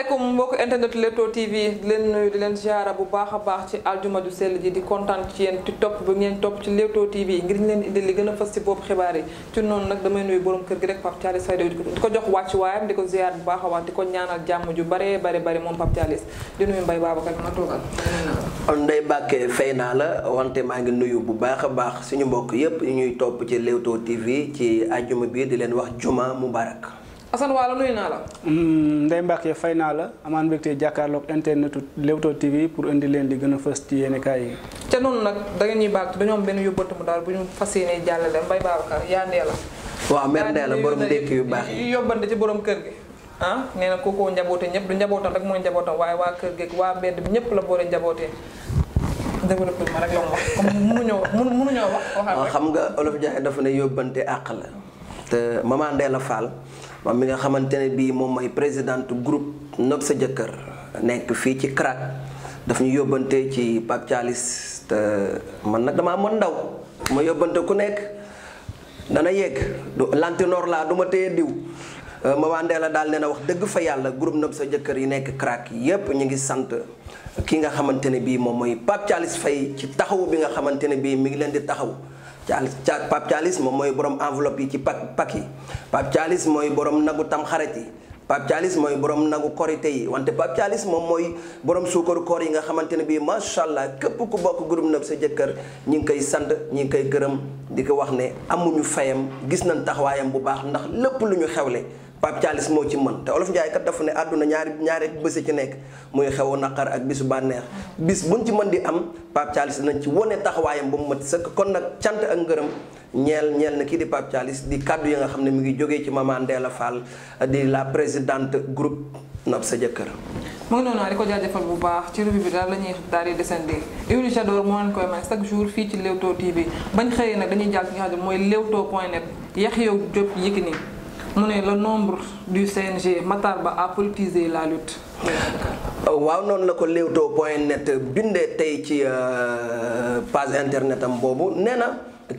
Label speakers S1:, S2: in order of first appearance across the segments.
S1: asalaamaaleykum mbokk internet Leewtoo TV di leen nuyu di leen ziara bu baax a baax ci aljuma du sell ji di kontaan ci yéen ci topp ba ngeen topp ci Leewtoo TV ngir leen indil li gën a fës ci bopp yi ci noonu nag damay nuyu borom kër gi rek Pape Thialis Faye di ko jox wàcc waayam di ko ziar bu baax a baax di ko ñaanal jàmm ju bare bare bare moom Pape Thialis di nuyu Mbaye Babacar ma toogal
S2: Ndeye Mbacke fay naa la wante maa ngi nuyu bu baax a baax suñu mbokk yépp ñuy topp ci Leewtoo TV ci aljuma bii di leen wax
S3: juma mubarak Assane Waala nuyu naa la. Mm, Ndeye Mbacke fay naa la amaan mbégte jàkkaarloog internet Leewtoo TV pour indi leen li gën a fës ci yéen kaay yi. ca
S1: noonu nag danga ngeen ñuy baax dañoo benn yóbbatu daal bu ñu fas yéenee jàllale Mbaye Babacar yaa la.
S2: waaw mer ndee la yu baax
S1: yóbbante ci boroom kër gi. ah nee na kookoo njaboote ñëpp du njabootam rek mooy njabootam waaye waa kër gi waa mbedd bi ñëpp la boole njabootee. développé ma
S2: rek la mu wax comme mënuñoo wax. waxal rek xam nga olof Diagne dafa ne yóbbante àq la te maman la Fall moom mi nga xamante ne bii moom mooy présidente groupe Nopp sa jëkkër nekk fii ci CRAC daf ñu yóbbante ci Pape Thialis te man nag damaa mën ndaw ma yóbbante ku nekk dana yegg lantinoor laa du ma diw euh, maman la daal nee na wax dëgg fa yàlla group Nopp sa jëkkër yi nekk CRAC yépp ñu ngi sant ki nga xamante ne bii moom mooy Pape Thialis Faye ci taxawu bi nga xamante ne bii mi ngi leen di taxaw Thial Pape Thialis moom mooy borom enveloppe yi ci pak pak yi Pape mooy borom nagu tamxarit yi Pape Thialis mooy borom nagu korite yi wante Pape Thialis moom mooy borom suukaru koor yi nga xamante ne bii macha allah képp ku bokk groupe Nëb sa jëkkër ñi ngi koy sand ñi ngi koy gërëm di ko wax ne amuñu fayam gis nañ taxawaayam bu baax ndax lépp lu ñu xewle. Pape Thialis moo ci mën te olof Njaay ka dafa ne àdduna ñaari ñaari bés ci nekk muy xewu naqar ak bisu bànneex bis buñ ci mën di am Pape Thialis dinañ ci wone taxawaayam ba mu mat sëkk kon nag cant ak ngërëm ñeel ñeel na kii di Pape Thialis di kàddu yi nga xam ne mi ngi jógee ci maman Ndella Fall di la présidente groupe Nopp sa jëkkër.
S1: mu ngi noonu di ko jaajëfal bu baax ci revue bi daal la ñuy daal di desandi moo leen koy jour fii ci Leewtoo TV bañ xëyee nag dañuy jàll ci nga xam ne mooy Leewtoo point net Yakhya Diop Yékini mu ne le nombre du CNG Matar Ba à politiser la lutte.
S2: waaw noonu la ko Leewtoo point net bindee tey ci euh, page internet am boobu nee na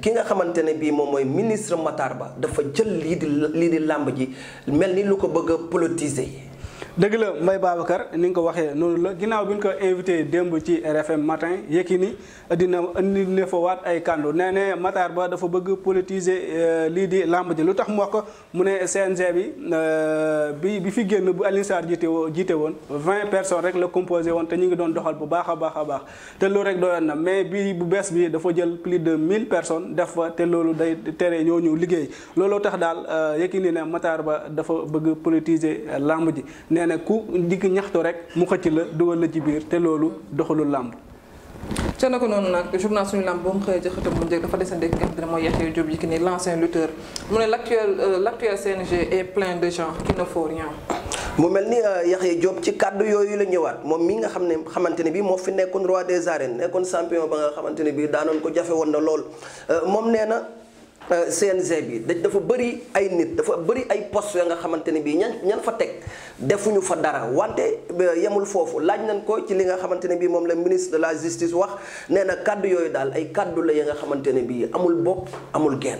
S2: ki nga xamante ne bii moom mooy ministre Matar Ba dafa
S3: jël lii di lii ji mel ni lu ko bëgg a politiser. dëgg la Mbaye Babacar ni nga ko waxee noonu la ginnaaw bi ñu ko invité démb ci RFM matin Yékini dina indi ne fa waat ay kàndu nee ne Matar Ba dafa bëgg politiser euh, lii di làmb ji lu tax mu wax ko mu ne CNG bi euh, bi bi fi génn bu Alioune Sarr woo jiite woon vingt rek la composé woon ñu ngi doon doxal bu baax a baax a baax te loolu rek doyoon na mais bii bu bees bi dafa jël plus de mille personnes def fa te loolu day tere ñoo ñëw liggéey looloo tax daal euh, Yékini ne Matar Ba dafa bëgg politiser làmb ji. nee na ku digg ñaxtu rek mu xëcc la dugal la ci te loolu doxalul làmb
S1: ca na ko noonu nag journal suñu lamb boo mu xëyee ci xëtam bu njëkk dafa desandi ki nga xam ne mooy Yaxya Diop euh, de gens qui ne font
S2: mel ni euh, Yaxya Diop ci kàddu yooyu la ñëwaat moom mi nga xam ne xamante ne bi moo fi nekkoon roi des arènes nekkoon champion ba nga xamante ne bi daanoon ko jafe woon na lool euh, moom nee Euh, CNG bi dafa bëri ay nit dafa bëri ay poste ya nga xamante ne bii ñan ñan fa teg defuñu fa dara wante euh, yemul foofu laaj nañ ko ci li nga xamante ne bii moom la ministre de la justice wax nee na kàddu
S3: yooyu daal ay kàddu la ya nga xamante ne bii amul bopp amul genn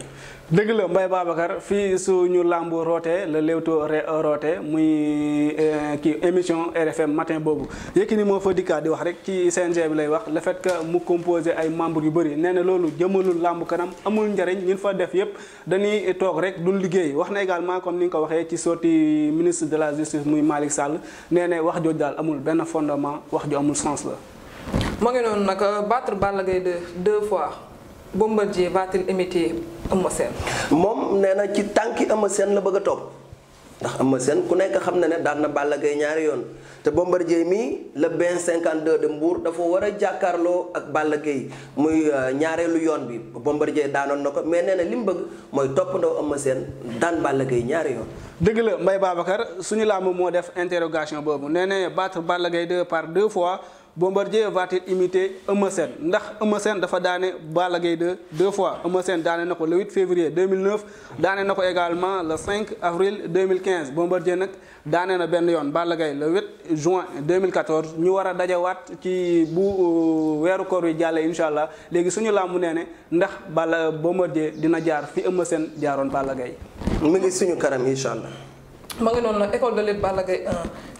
S3: dëgg la Mbaye Babacar fii suñu làmb rootee la Leewtoo rootee muy euh, kii émission RFM matin boobu Yékini moo fa dikkaat di wax rek ci CNG bi lay wax le fait mu composé ay membres yu bëri nee na loolu jëmalul làmb kanam amul njariñ ñun fa def yépp dañuy toog rek duñ liggéey wax na également comme ni nga ko waxee ci sotti ministre de la justice muy malik Sall nee na wax jooju daal amul benn fondement wax ju amul sens la. moo ngi noonu nag battre Balla
S1: Gaye
S2: deux fois Bombardier va-t-il émettre Eumeu Sène moom nee na ci tànki Eumeu Sène la bëgg a topp ndax Eumeu Sène ku nekk xam na ne daan na Balla Gaye ñaari yoon te Bombardier mii le benn 52 de de Mbour dafa war a jàkkaarloo ak Balla Gaye muy euh, ñaareelu yoon bi Bombardier daanoon na ko mais nee na li mu bëgg mooy toppandoo Eumeu Sène
S3: daan Balla gay ñaari yoon. dëgg la Mbaye Babacar suñu làmb moo def interrogation boobu nee na battre Balla Gaye par deux fois. Bombardier va-t-il imiter Eumeu Sène ndax Eumeu Sène dafa daane Balla Gaye 2 deux fois Eumeu Sène daane na ko le 8 février 2009 daane na ko également le 5 avril 2015 Bombardier nag daane na benn yoon Balla Gaye le 8 juin 2014 ñu war a dajawaat ci bu euh, weeru koor wi jàllee incha allah léegi suñu làmb nee ne ndax Balla Bombardier dina jaar fi Eumeu seen jaaroon Balla Gaye. mu ngi suñu karam incha allah.
S1: ma ngi noonu nag école de lutte Balla Gaye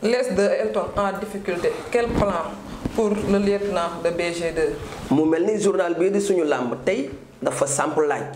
S1: de
S2: Elton en difficulté quel plan. pour le lieutenant de BG2. mu mel ni journal bii di suñu làmb tey dafa samp laaj.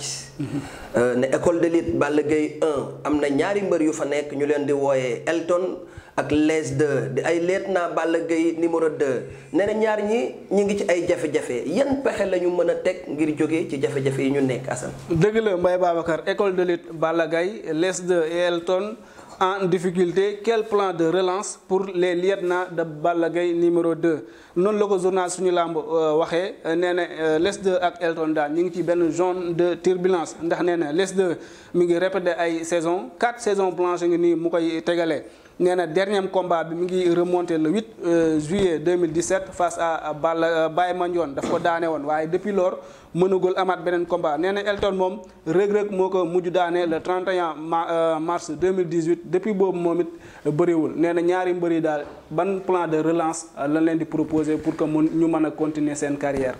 S2: Euh, ne école de lutte Balla Gaye 1 am na ñaari mbër yu fa nekk ñu leen di wooyee Elton ak les de di ay lieutenant naa Gaye numéro 2 nee na ñaar ñi ñu ngi ci ay jafe-jafe yan pexe lañu mën a teg ngir jóge ci jafe-jafe yi ñu nekk Assane.
S3: dëgg la Mbaye Babacar école de lutte Balla Gaye les 2 et Elton. en difficulté quel plan de relance pour les na de Balla gay numéro 2 noonu la ko journal suñu làmb euh, waxee nee na euh, les ak Elton daal ñu ngi ci benn zone de turbulence ndax nee na les 2 mi ngi répété ay saison quatre saisons blanches ngi nii mu koy tegalee nee na dernier combat bi mu ngi remonté le 8 euh, juillet 2017 face à Balla euh, Baye Mandione daf ko daane woon waaye depuis lors mënagul amaat beneen combat nee na Elton moom rëg-rëg moo ko mujj daane le 31 euh, mars 2018 depuis boobu moom it bëriwul nee na ñaari mbëri daal ban plan de relance la leen di proposer pour que mun ñu mën a continuer seen carrière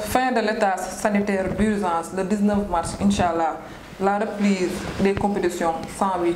S1: fin de l'état sanitaire d'urgence le 19 mars incha allah la reprise des compétitions sans huis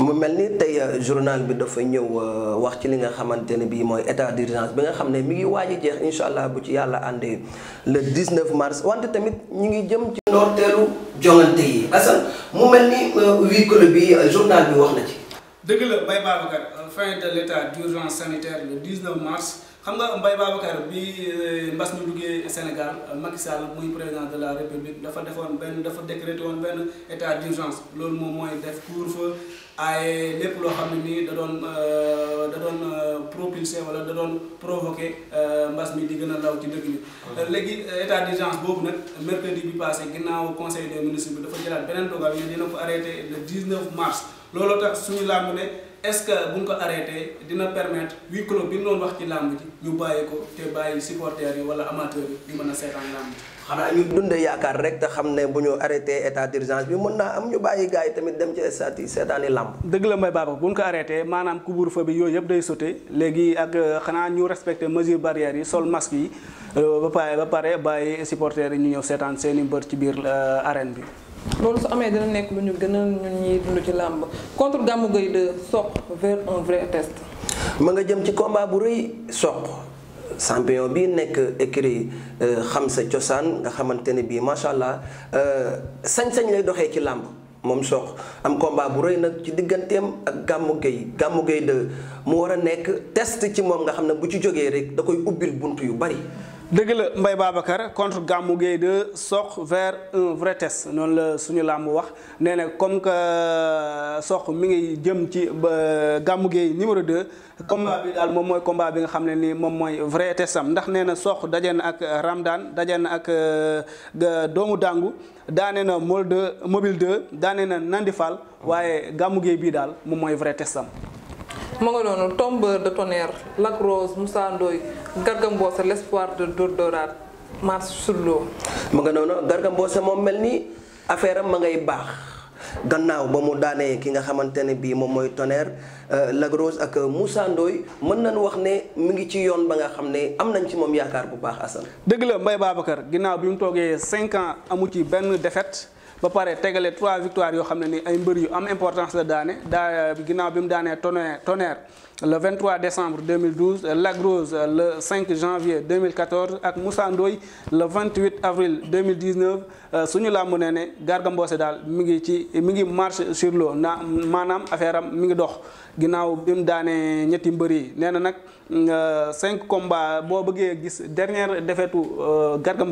S2: mu mel ni tey euh, journal bi dafa ñëw euh, wax ci li nga xamante ne bii mooy état d'urgence bi nga xam ne mi ngi waaj a jeex incha allah bu ci yàlla àndee le 19 mars wante tamit ñu ngi jëm ci ndorteelu jongante yi Assane mu mel ni euh, huis clos bi journal bi wax na ci.
S3: dëgg la Baye Babacar fin de l'état d'urgence sanitaire le mars. xam nga Mbaye Babacar bi euh, mbas mi duggee Sénégal Macky Sall muy président de la république dafa defoon benn dafa décrété woon benn état d'urgence loolu moom mooy def couvre-feu ay lépp loo xam ne nii da doon euh, da doon euh, propulsé wala da doon provoqué mbas mi di gën a law ci dëkk bi. léegi état d'urgence boobu nag mercredi bi passé ginnaaw conseil des ministres bi dafa jëlaat beneen dogal ñu dina ko arrêté le 19 mars looloo tax suñu làmb ne. est-ce que bu ñu ko arrêté dina permettre huis clos bi ñu doon wax ci làmb ji ñu bàyyi ko te bàyyi supporters yi wala amateurs yi di mën a seetaan làmb ji.
S2: xanaa rek te xam ne bu ñu arrêté état d'urgence bi mën naa am ñu bàyyi gars yi tamit dem ci stade yi seetaani làmb.
S3: dëgg la may baaba bu ñu ko arrêté maanaam couvre-feu bi yooyu yëpp day sauté léegi ak euh, xanaa ñu respecté mesure barrières yi sol masque yi euh, ba pare ba pare bàyyi supporters yi ñu ñëw seetaan seen i mbër ci biir euh, arène bi.
S1: loolu su amee dana nekk lu ñu gën a ñun ñiy dund ci làmb
S2: contre gàmmu Gueye de Sokh vers un vrai test. ma nga jëm ci combat bu rëy Sokh champion bi nekk écrit euh, xam sa cosaan nga xamante ne bii macha allah euh, sañ-sañ lay doxee ci làmb moom Sokh am komba bu rëy nag ci digganteem ak Gamou Gueye Gamou Gueye de
S3: mu war a nekk test ci moom nga xam ne bu ci jógee rek da koy ubbil bunt yu bari. dëgg la mbay Babacar contre Gamou Gueye 2 Sokh vers un vrai test noonu la suñu làmb wax nee na comme que euh, Sokh mi ngi jëm ci Gamou Gueye numéro 2. combat bi daal moom mooy combat bi nga xam ne nii moom mooy vrai test ndax nee na Sokh daje na ak euh, Ramdan daje na ak euh, doomu dàngu daane na Molde mobile de daane na Nandi waaye Gamou Gueye bii daal moom mooy vrai test ma nga doonu tombeur de tonnerre lagros Rose Moussa Ndoye Garga Mbossé l'espoir de
S2: Dordorat Mars Surlo mu nga noonu Garga Mbossé moom mel ni affaire am ma ngay baax gannaaw ba mu daanee ki nga xamante ne bii moom mooy tonnerre euh, Lac ak euh, musaandooy Ndoye mën nañu wax ne mu ngi ci yoon ba nga xam ne am nañ ci moom yaakaar bu baax
S3: Assane. dëgg la Mbaye Babacar ginnaaw bi mu toogee 5 ans amu ci benn défaite. ba pare tegale trois victoires yoo xam ne ni ay mbër yu am importance la daane daa ginnaaw bi mu daanee tonnerre tonnerre le 23 décembre 2012 Lagrose le 5 janvier 2014 ak Moussa Ndoye le 28 avril 2019 euh, suñu làmb ne ne Garga Mbossé daal mi ngi ci mi ngi marche sur na maanaam affaire am mi ngi dox ginnaaw bi mu daanee ñetti mbër yi nee na nag euh, cinq combats boo bëggee gis dernière défaite u euh, Garga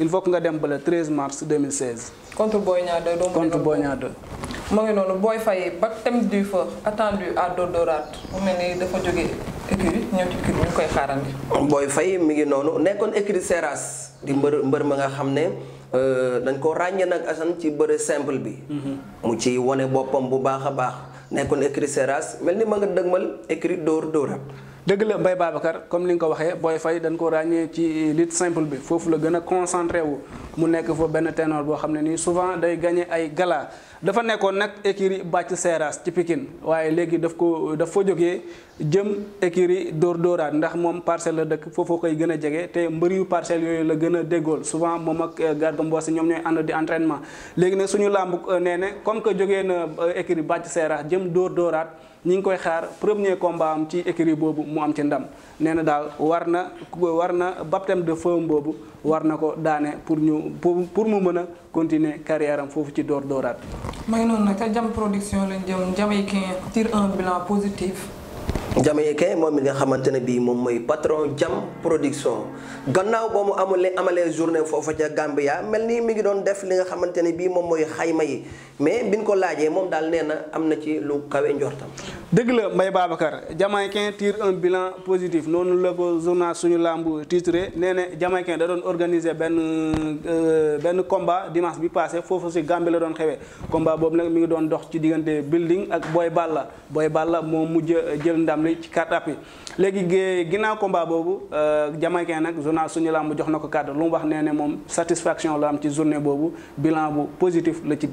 S3: il faut que nga dem ba le 13 mars 2016. contre Boy Niang 2 donc contre Boy Niang 2. moo ngi noonu booy Faye ba thème du feu attendu à Dodoraat
S1: mu mel ni dafa jógee écurie
S2: ñëw ci écurie ñu koy xaarandi. Boy Faye mi ngi noonu nekkoon écurie Seras di mbër mbër ma nga xam ne. Euh, dañ ko ràññee nag Assane ci bëre simple bi. Mhm. mu ci wane boppam bu baax a baax nekkoon écurie Seras mel ni ma nga
S3: dëgmal écurie Dóor Dóoraat. dëgg la Mbaye Babacar comme ni nga ko waxee Boy Faye dañ ko ràññee ci lutte simple bi foofu la gën a concentré wu mu nekk fa benn ténor boo xam ne nii souvent day gagné ay gala dafa nekkoon nag écurie bàcc seeraas ci pikin waaye léegi daf ko daf fa jógee jëm écurie door dooraat ndax moom parcelle la dëkk foofoo koy gën a jege te mbër yu parcelles yooyu la gën a déggool souvent moom ak euh, Garga Mbossé ñoom ñooy ànd di entrainement léegi nag suñu làmb euh, nee ne comme que jógee na euh, écurie bàcc seeraas jëm door dooraat ñi ngi koy xaar premier combat am ci écurie boobu mu am ci ndam nee na daal war na war na baptême de feu boobu war na ko daane pour ñu pour pour mu mën a continuer carrière am foofu ci door dooraat.
S1: mooy noonu nag ca jam production lañ jëm jamaïcain tire un bilan positif.
S2: Jamaye moom mi nga xamante ne bii moom mooy patron jam production gannaaw ba mu amule amalee journée foofa ca Gambia mel nii mi ngi doon def li nga xamante ne bii moom mooy xayma yi
S3: mais bi biñ ko laajee moom daal nee na am na ci lu kawe njortam. dëgg la Mbaye Babacar Jamaye Kay tire un bilan positif noonu la ko journal suñu lamb titré nee na Jamaye da doon organiser benn euh, benn combat dimanche bi passé foofu si Gambie la doon xewee combat boobu nag mi ngi doon dox ci diggante building ak Boy Balla Boy Balla moo mujj jël ndam. am li ci carte appui léegi ginnaaw combat boobu euh, Jamaïcain nag journal suñu làmb jox na ko cadre lu mu wax nee ne moom satisfaction la am ci journée boobu bilan bu positif la ci.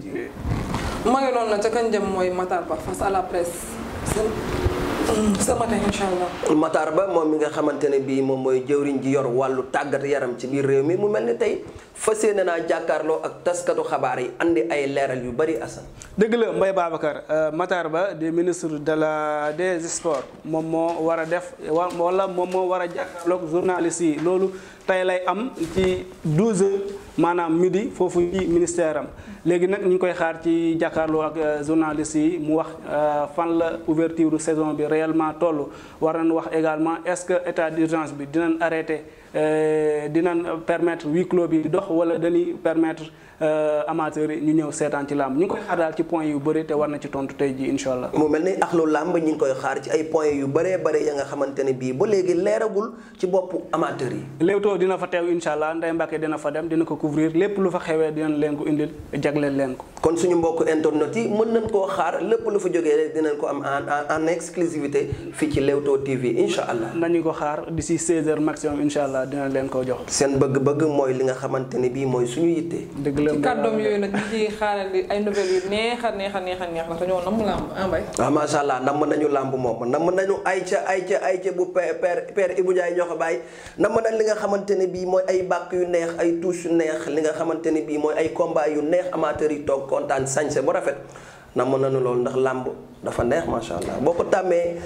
S1: maa ngi noonu nag ca kañ jëm mooy Matar Ba face à la presse.
S2: ce Matar Ba moom mi nga xamante ne bii moom mooy jëwriñ ji yor wàllu tàggat yaram ci biir réew mi mu mel ni tey fa yéene naa jàkkaarloo ak taskatu xabaar yi andi ay
S3: leeral yu bari Assane. dëgg la Mbaye Babacar euh, Matar Ba di ministre de la des sports moom moo war a def wala moom moo war a jàkkaarloog journaliste yi loolu tey lay am ci 12 heures. maanaam midi foofu ci ministère am léegi nag ñu ngi koy xaar ci jàkkaarloo ak euh, journaliste yi mu wax euh, fan la ouverture saison bi réellement toll war nu wax également est-ce que état d'urgence bi dinañ arrêté Euh, dinañ permettre huis clos bi di dox wala dañuy permettre euh, amateurs yi ñu ñëw seetaan ci làmb ñu ngi koy xaar daal ci point yu bëri te war na ci tontu tey ji incha allah. mu mel ni ak làmb ñu ngi koy xaar ci
S2: ay points yu bëree bëri ya nga xamante ne bii ba léegi leeragul ci boppu amateurs yi.
S3: Leewtoo dina fa teew incha allah Ndeye Mbacke fa dem dina ko couvrir lépp lu fa xewee dinañ leen ko indil jagleel leen ko.
S2: kon suñu mbokku internet yi mën nañ koo
S3: xaar lépp lu fa jógee
S2: dinañ ko am en en exclusivité fii ci Leewtoo TV incha allah.
S3: nañu ko xaar d'ici si h maximum incha allah allah dina leen ko jox. seen bëgg-bëgg mooy li nga xamante ne bii mooy suñu yitte. dëgg la ci kàddoom
S2: yooyu
S1: nag ñu ciy xaarandi ay nouvelles yu neex a neex a neex a neex ndax dañoo namm làmb ah Mbaye.
S2: waaw ah, macha a namm nañu làmb moom namm nañu ayca ayca ayca bu père père Ibou Ndiaye ñoo baay bàyyi namm nañ li nga xamante ne bii mooy ay bàkk yu neex ay touche yu neex li nga xamante ne bii mooy ay combat yu neex amateurs yi toog kontaan sañse bu rafet na nañu loolu ndax làmb dafa neex macha allah boo ko tàmmee.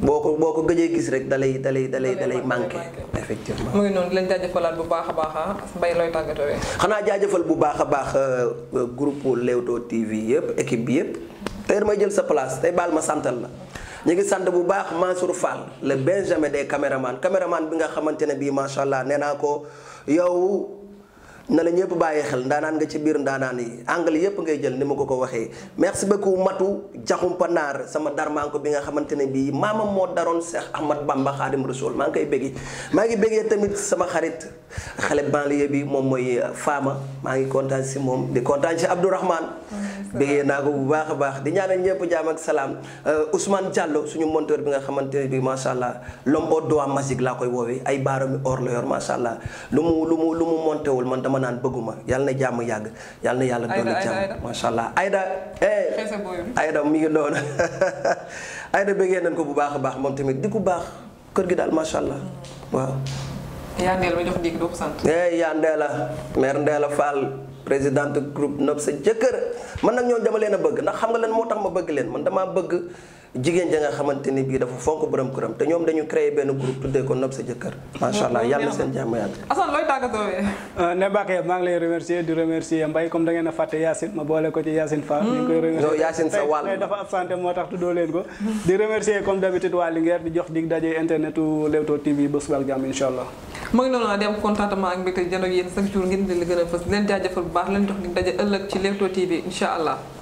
S2: boo ko boo ko gëjee gis rek dalay dalay dalay dalay manqué. effectivement
S1: mu ngi noonu di leen jaajëfalaat bu baax a baax ah, mbay looy
S2: xanaa jaajëfal bu baax a baax euh, groupe Leewtoo TV yëpp équipe bi yëpp. tey damay jël sa place tey baal ma santal la. ñu ngi sant bu baax Mansour Fall le benjamin des caméramans caméraman bi nga xamante ne bii macha allah nee naa ko yow. na la ñëpp bàyyi xel ndaanaan nga ci biir ndaanaan yi anglais yëpp ngay jël ni ma ko ko waxee merci beaucoup matu jaxumpa naar sama darmaanko bi nga xamante ne bii maamam moo daroon Cheikh Ahmad Bamba Xaadim Rasul maa ngi koy béggi maa ngi béggee tamit sama xarit xale banlieue bi moom mooy euh, Fama maa ngi kontaan si moom di kontaan si Abdourahman béggee naa ko bu baax a baax di ñaanal ñëpp jaam ak salaam euh, Ousmane Diallo suñu monteur bi nga xamante ne bii macha allah l'homme au doigt laa koy woowee ay baarami or la allah lu mu lu mu lu mu monté wul man dama naan bëgguma yàlla na jàmm yàgg yal na yàlla doon jàmm macha allah Aïda eh. Aïda mi ngi noonu Aïda bëggee nañ ko bu baax a baax moom tamit di ku baax kër gi daal macha allah waaw
S1: yaa ndeel ma jox dégg
S2: la ko sant eh, yaa ndeela sa jëkkër man nag ñoo dama leen bëgg ndax xam nga leen moo tax ma bëgg leen man dama bëgg jigéen ja nga xamante ni bii
S3: dafa fonk borom këram te ñoom dañu créé benn groupe
S2: tuddee ko nopp sa jëkkër
S3: macha allah yàlla seen jàmm yàgg Assane looy tàggatoo euh, ne Bakay maa ngi lay remercier di remercier a boole ko ci mm. moo tax tuddoo leen ko di remercier comme d'habitude waa Linguère di jox dig daje internetu Leewtoo TV ba suba ak jàmm insha allah
S1: mu ngi noonu di am contentement ak mbégte jënd ak yéen chaque jour ngeen di leen gën a fës leen jaajëfal bu baax leen jox dig daje ëllëg ci Leewtoo TV insha allah